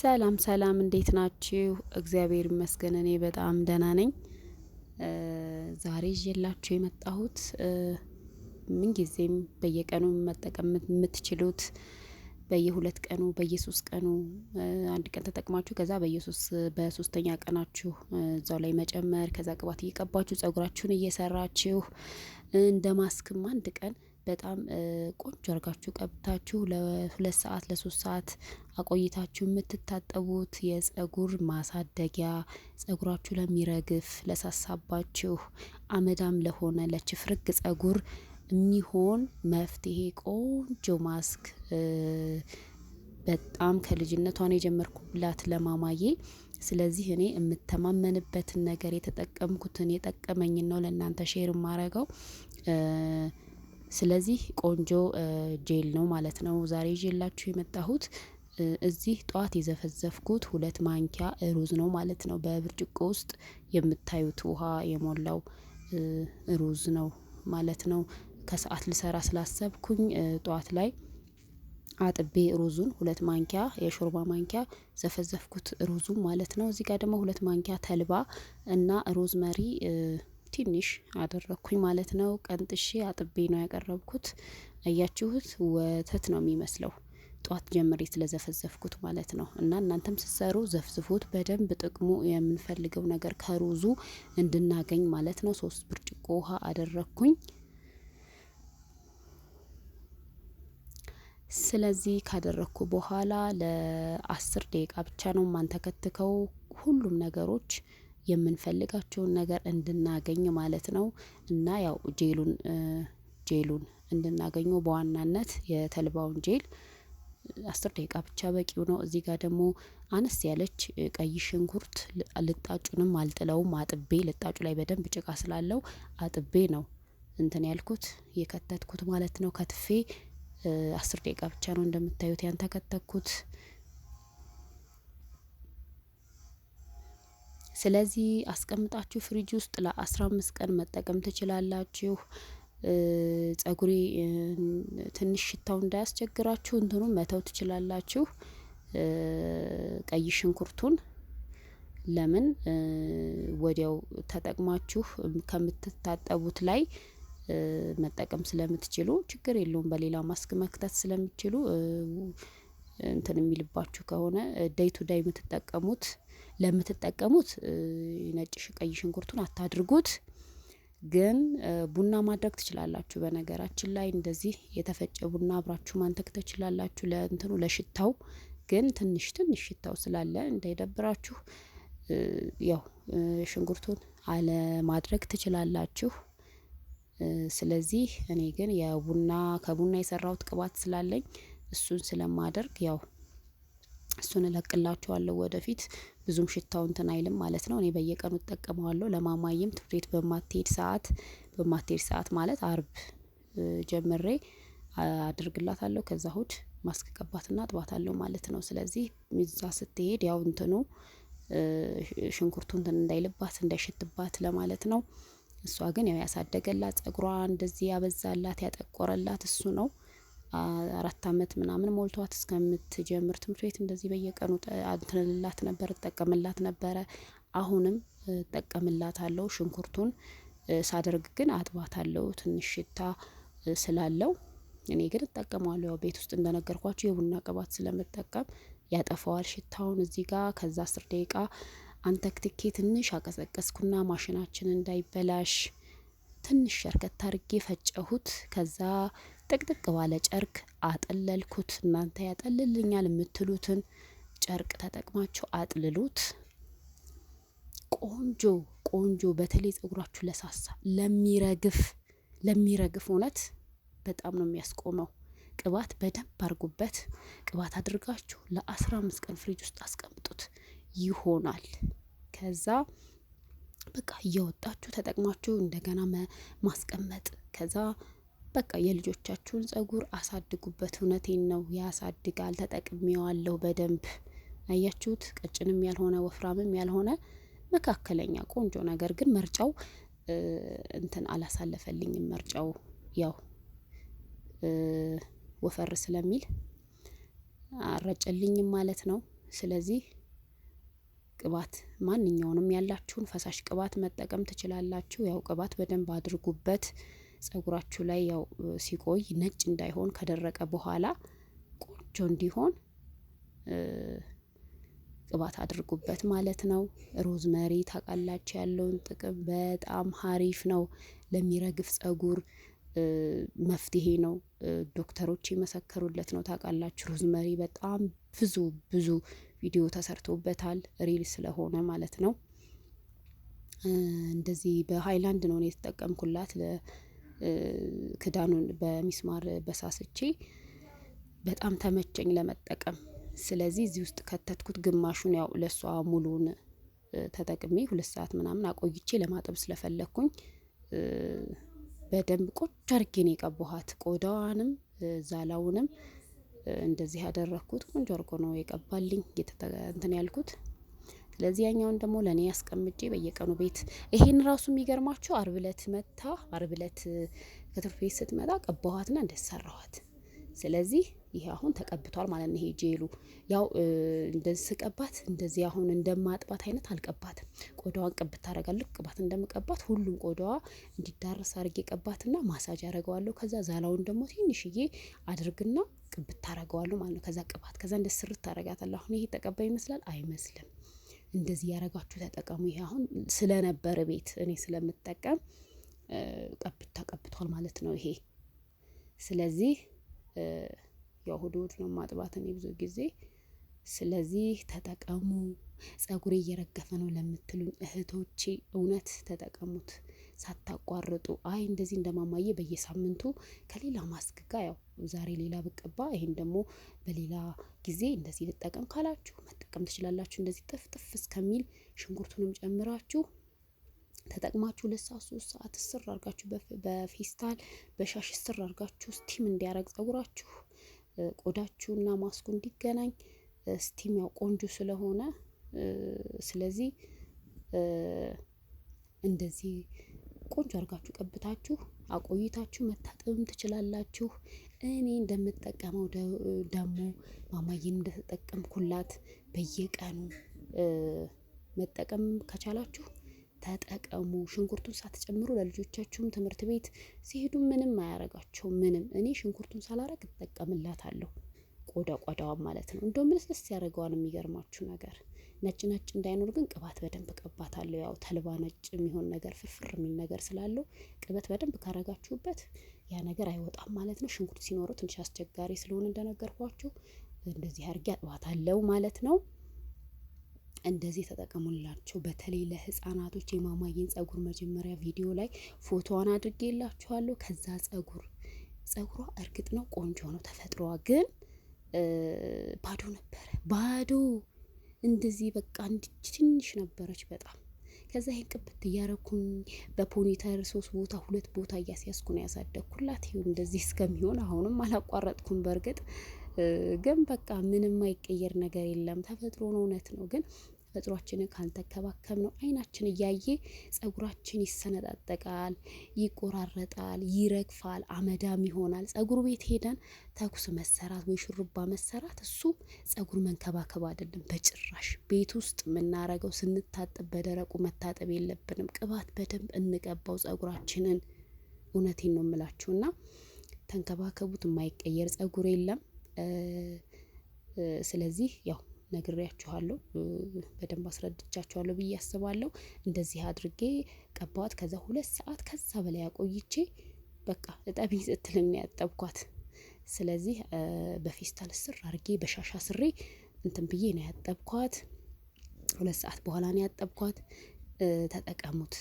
ሰላም ሰላም፣ እንዴት ናችሁ? እግዚአብሔር ይመስገን እኔ በጣም ደህና ነኝ። ዛሬ ይዤላችሁ የመጣሁት ምንጊዜም በየቀኑ መጠቀም የምትችሉት በየሁለት ቀኑ በየሶስት ቀኑ አንድ ቀን ተጠቅማችሁ ከዛ በየሶስት በሶስተኛ ቀናችሁ እዛው ላይ መጨመር ከዛ ቅባት እየቀባችሁ ጸጉራችሁን እየሰራችሁ እንደ ማስክም አንድ ቀን በጣም ቆንጆ አርጋችሁ ቀብታችሁ ለሁለት ሰዓት ለሶስት ሰዓት አቆይታችሁ የምትታጠቡት የፀጉር ማሳደጊያ ፀጉራችሁ ለሚረግፍ ለሳሳባችሁ አመዳም ለሆነ ለችፍርግ ፀጉር የሚሆን መፍትሄ ቆንጆ ማስክ በጣም ከልጅነቷን የጀመርኩላት ለማማዬ። ስለዚህ እኔ የምተማመንበትን ነገር የተጠቀምኩትን የጠቀመኝን ነው ለእናንተ ሼር የማረገው። ስለዚህ ቆንጆ ጄል ነው ማለት ነው ዛሬ ይዤላችሁ የመጣሁት። እዚህ ጠዋት የዘፈዘፍኩት ሁለት ማንኪያ ሩዝ ነው ማለት ነው። በብርጭቆ ውስጥ የምታዩት ውሃ የሞላው ሩዝ ነው ማለት ነው። ከሰዓት ልሰራ ስላሰብኩኝ ጠዋት ላይ አጥቤ ሩዙን ሁለት ማንኪያ የሾርባ ማንኪያ ዘፈዘፍኩት ሩዙ ማለት ነው። እዚህ ጋር ደግሞ ሁለት ማንኪያ ተልባ እና ሮዝመሪ ትንሽ አደረኩኝ ማለት ነው። ቀንጥሼ አጥቤ ነው ያቀረብኩት። አያችሁት ወተት ነው የሚመስለው። ጧት ጀምሬ ስለዘፈዘፍኩት ማለት ነው። እና እናንተም ስትሰሩ ዘፍዝፉት በደንብ ጥቅሙ የምንፈልገው ነገር ከሩዙ እንድናገኝ ማለት ነው። ሶስት ብርጭቆ ውሃ አደረኩኝ። ስለዚህ ካደረኩ በኋላ ለአስር ደቂቃ ብቻ ነው ማንተከትከው ሁሉም ነገሮች የምንፈልጋቸውን ነገር እንድናገኝ ማለት ነው። እና ያው ጄሉን ጄሉን እንድናገኘው በዋናነት የተልባውን ጄል አስር ደቂቃ ብቻ በቂው ነው። እዚህ ጋር ደግሞ አነስ ያለች ቀይ ሽንኩርት ልጣጩንም አልጥለውም አጥቤ ልጣጩ ላይ በደንብ ጭቃ ስላለው አጥቤ ነው እንትን ያልኩት የከተትኩት ማለት ነው። ከትፌ አስር ደቂቃ ብቻ ነው እንደምታዩት ያን ተከተኩት ስለዚህ አስቀምጣችሁ ፍሪጅ ውስጥ ለአስራ አምስት ቀን መጠቀም ትችላላችሁ። ጸጉሬ ትንሽ ሽታው እንዳያስቸግራችሁ እንትኑ መተው ትችላላችሁ። ቀይ ሽንኩርቱን ለምን ወዲያው ተጠቅማችሁ ከምትታጠቡት ላይ መጠቀም ስለምትችሉ ችግር የለውም። በሌላ ማስክ መክተት ስለምትችሉ እንትን የሚልባችሁ ከሆነ ዴይ ቱ ዴይ የምትጠቀሙት ለምትጠቀሙት ነጭ ቀይ ሽንኩርቱን አታድርጉት። ግን ቡና ማድረግ ትችላላችሁ። በነገራችን ላይ እንደዚህ የተፈጨ ቡና አብራችሁ ማንተክ ትችላላችሁ። ለእንትኑ ለሽታው ግን ትንሽ ትንሽ ሽታው ስላለ እንዳይደብራችሁ ያው ሽንኩርቱን አለማድረግ ትችላላችሁ። ስለዚህ እኔ ግን የቡና ከቡና የሰራሁት ቅባት ስላለኝ እሱን ስለማደርግ ያው እሱን እለቅላችኋለሁ ወደፊት ብዙም ሽታው እንትን አይልም ማለት ነው። እኔ በየቀኑ እጠቀመዋለሁ ለማማዬም ትምህርት ቤት በማትሄድ ሰዓት በማትሄድ ሰዓት ማለት አርብ ጀምሬ አደርግላታለሁ ከዛ እሁድ ማስክ ጥባት አጥባታለሁ ማለት ነው። ስለዚህ ሚዛ ስትሄድ ያው እንትኑ ሽንኩርቱ እንትን እንዳይልባት እንዳይሸትባት ለማለት ነው። እሷ ግን ያው ያሳደገላት ፀጉሯ እንደዚህ ያበዛላት ያጠቆረላት እሱ ነው አራት አመት ምናምን ሞልቷት እስከምትጀምር ትምህርት ቤት እንደዚህ በየቀኑ አንትንልላት ነበር እጠቀምላት ነበረ። አሁንም አለው። ሽንኩርቱን ሳደርግ ግን አለው ትንሽ ሽታ ስላለው እኔ ግን እጠቀመዋለሁ ያው ቤት ውስጥ እንደነገርኳቸው የቡና ቅባት ስለምጠቀም ያጠፋዋል ሽታውን እዚህ ጋር ከዛ አስር ደቂቃ አንተክትኬ ትንሽ አቀሰቀስኩና ማሽናችን እንዳይበላሽ ትንሽ ሸርከት አድርጌ ፈጨሁት። ከዛ ጥቅጥቅ ባለ ጨርቅ አጠለልኩት። እናንተ ያጠልልኛል የምትሉትን ጨርቅ ተጠቅማችሁ አጥልሉት። ቆንጆ ቆንጆ በተለይ ፀጉራችሁ ለሳሳ ለሚረግፍ ለሚረግፍ እውነት በጣም ነው የሚያስቆመው። ቅባት በደንብ አርጉበት ቅባት አድርጋችሁ ለአስራ አምስት ቀን ፍሪጅ ውስጥ አስቀምጡት ይሆናል። ከዛ በቃ እያወጣችሁ ተጠቅማችሁ እንደገና ማስቀመጥ ከዛ በቃ የልጆቻችሁን ፀጉር አሳድጉበት። እውነቴን ነው ያሳድጋል። ተጠቅሜዋለሁ በደንብ አያችሁት። ቀጭንም ያልሆነ ወፍራምም ያልሆነ መካከለኛ ቆንጆ ነገር ግን መርጫው እንትን አላሳለፈልኝም። መርጫው ያው ወፈር ስለሚል አረጨልኝም ማለት ነው። ስለዚህ ቅባት ማንኛውንም ያላችሁን ፈሳሽ ቅባት መጠቀም ትችላላችሁ። ያው ቅባት በደንብ አድርጉበት ጸጉራችሁ ላይ ያው ሲቆይ ነጭ እንዳይሆን ከደረቀ በኋላ ቆንጆ እንዲሆን ቅባት አድርጉበት ማለት ነው። ሮዝመሪ ታውቃላችሁ ያለውን ጥቅም በጣም ሀሪፍ ነው። ለሚረግፍ ፀጉር መፍትሄ ነው። ዶክተሮች የመሰከሩለት ነው። ታውቃላችሁ ሮዝመሪ በጣም ብዙ ብዙ ቪዲዮ ተሰርቶበታል። ሪል ስለሆነ ማለት ነው። እንደዚህ በሀይላንድ ነው የተጠቀምኩላት። ክዳኑን በሚስማር በሳስቼ በጣም ተመቸኝ ለመጠቀም። ስለዚህ እዚህ ውስጥ ከተትኩት። ግማሹን ያው ለሷ ሙሉን ተጠቅሜ ሁለት ሰዓት ምናምን አቆይቼ ለማጠብ ስለፈለግኩኝ በደንብ ቆጭ አርጌ ነው ቆዳዋንም ዛላውንም እንደዚህ ያደረግኩት ቆንጆ አርጎ ነው የቀባልኝ እንትን ያልኩት። ስለዚህ ያኛውን ደግሞ ለእኔ ያስቀምጬ በየቀኑ ቤት ይሄን ራሱ የሚገርማችሁ አርብ እለት መታ አርብ እለት ከትምህርት ቤት ስትመጣ ቀባኋትና እንደሰራኋት። ስለዚህ ይሄ አሁን ተቀብቷል ማለት ነው። ይሄ ጄሉ ያው እንደዚህ ስቀባት እንደዚህ አሁን እንደማጥባት አይነት አልቀባትም። ቆዳዋን ቅብት ታደርጋለሁ። ቅባት እንደምቀባት ሁሉም ቆዳዋ እንዲዳረስ አድርጌ ቀባትና ማሳጅ አደርገዋለሁ። ከዛ ዛላውን ደግሞ ትንሽዬ አድርግና ቅብት ታረገዋሉ ማለት ነው። ከዛ ቅባት ከዛ እንደ ስርት ታረጋታለሁ። አሁን ይሄ ተቀባይ ይመስላል አይመስልም። እንደዚህ ያረጋችሁ ተጠቀሙ። ይሄ አሁን ስለነበረ ቤት እኔ ስለምጠቀም ቀብት ተቀብቷል ማለት ነው ይሄ። ስለዚህ ያው ነው ማጥባት እኔ ብዙ ጊዜ። ስለዚህ ተጠቀሙ። ፀጉሬ እየረገፈ ነው ለምትሉኝ እህቶቼ እውነት ተጠቀሙት። ሳታቋርጡ አይ እንደዚህ እንደማማዬ በየሳምንቱ ከሌላ ማስክ ጋር ያው ዛሬ ሌላ ብቀባ ይሄን ደግሞ በሌላ ጊዜ እንደዚህ ልጠቀም ካላችሁ መጠቀም ትችላላችሁ። እንደዚህ ጥፍ እስከሚል ሽንኩርቱንም ጨምራችሁ ተጠቅማችሁ ለሳት ሶስት ሰዓት እስር አድርጋችሁ በፌስታል በሻሽ እስር አርጋችሁ ስቲም እንዲያረግ ጸጉራችሁ ቆዳችሁና ማስኩ እንዲገናኝ ስቲም ያው ቆንጆ ስለሆነ ስለዚህ እንደዚህ ቆንጆ አድርጋችሁ ቀብታችሁ አቆይታችሁ መታጠብም ትችላላችሁ። እኔ እንደምጠቀመው ደግሞ ማማዬን እንደተጠቀምኩላት በየቀኑ መጠቀም ከቻላችሁ ተጠቀሙ። ሽንኩርቱን ሳትጨምሩ ለልጆቻችሁም ትምህርት ቤት ሲሄዱ ምንም አያረጋቸው። ምንም እኔ ሽንኩርቱን ሳላረግ እጠቀምላታለሁ። ቆዳ ቆዳዋን ማለት ነው። እንደውም ለስለስ ያደርገዋል። የሚገርማችሁ ነገር ነጭ ነጭ እንዳይኖር ግን ቅባት በደንብ ቀባታለሁ። ያው ተልባ ነጭ የሚሆን ነገር ፍርፍር የሚል ነገር ስላለው ቅበት በደንብ ካረጋችሁበት ያ ነገር አይወጣም ማለት ነው። ሽንኩርት ሲኖረው ትንሽ አስቸጋሪ ስለሆነ እንደነገርኳችሁ እንደዚህ አድርጌ አጥባታለሁ ማለት ነው። እንደዚህ ተጠቀሙላቸው። በተለይ ለህፃናቶች የማማዬን ጸጉር መጀመሪያ ቪዲዮ ላይ ፎቶዋን አድርጌላችኋለሁ። ከዛ ጸጉር ጸጉሯ እርግጥ ነው ቆንጆ ነው ተፈጥሯ ግን ባዶ ነበረ፣ ባዶ እንደዚህ በቃ እንድች ትንሽ ነበረች በጣም። ከዛ ይሄን ቅብት እያረኩኝ በፖኒተር ሶስት ቦታ ሁለት ቦታ እያስያዝኩ ነው ያሳደግኩላት። ይሁ እንደዚህ እስከሚሆን አሁንም አላቋረጥኩም። በእርግጥ ግን በቃ ምንም አይቀየር ነገር የለም ተፈጥሮ ነው፣ እውነት ነው ግን ተፈጥሯችንን ካልተከባከብ ነው አይናችን እያየ ፀጉራችን ይሰነጣጠቃል፣ ይቆራረጣል፣ ይረግፋል፣ አመዳም ይሆናል። ፀጉር ቤት ሄደን ተኩስ መሰራት ወይ ሹሩባ መሰራት እሱ ፀጉር መንከባከብ አይደለም በጭራሽ። ቤት ውስጥ የምናረገው ስንታጠብ በደረቁ መታጠብ የለብንም። ቅባት በደንብ እንቀባው ፀጉራችንን። እውነቴን ነው የምላችሁ እና ተንከባከቡት። የማይቀየር ፀጉር የለም። ስለዚህ ያው ነግሬያችኋለሁ በደንብ አስረድቻችኋለሁ ብዬ አስባለሁ። እንደዚህ አድርጌ ቀባዋት ከዛ ሁለት ሰዓት ከዛ በላይ አቆይቼ በቃ እጠቢ ስትለኝ ነው ያጠብኳት። ስለዚህ በፌስታል ስር አድርጌ በሻሻ ስሪ እንትን ብዬ ነው ያጠብኳት። ሁለት ሰዓት በኋላ ነው ያጠብኳት። ተጠቀሙት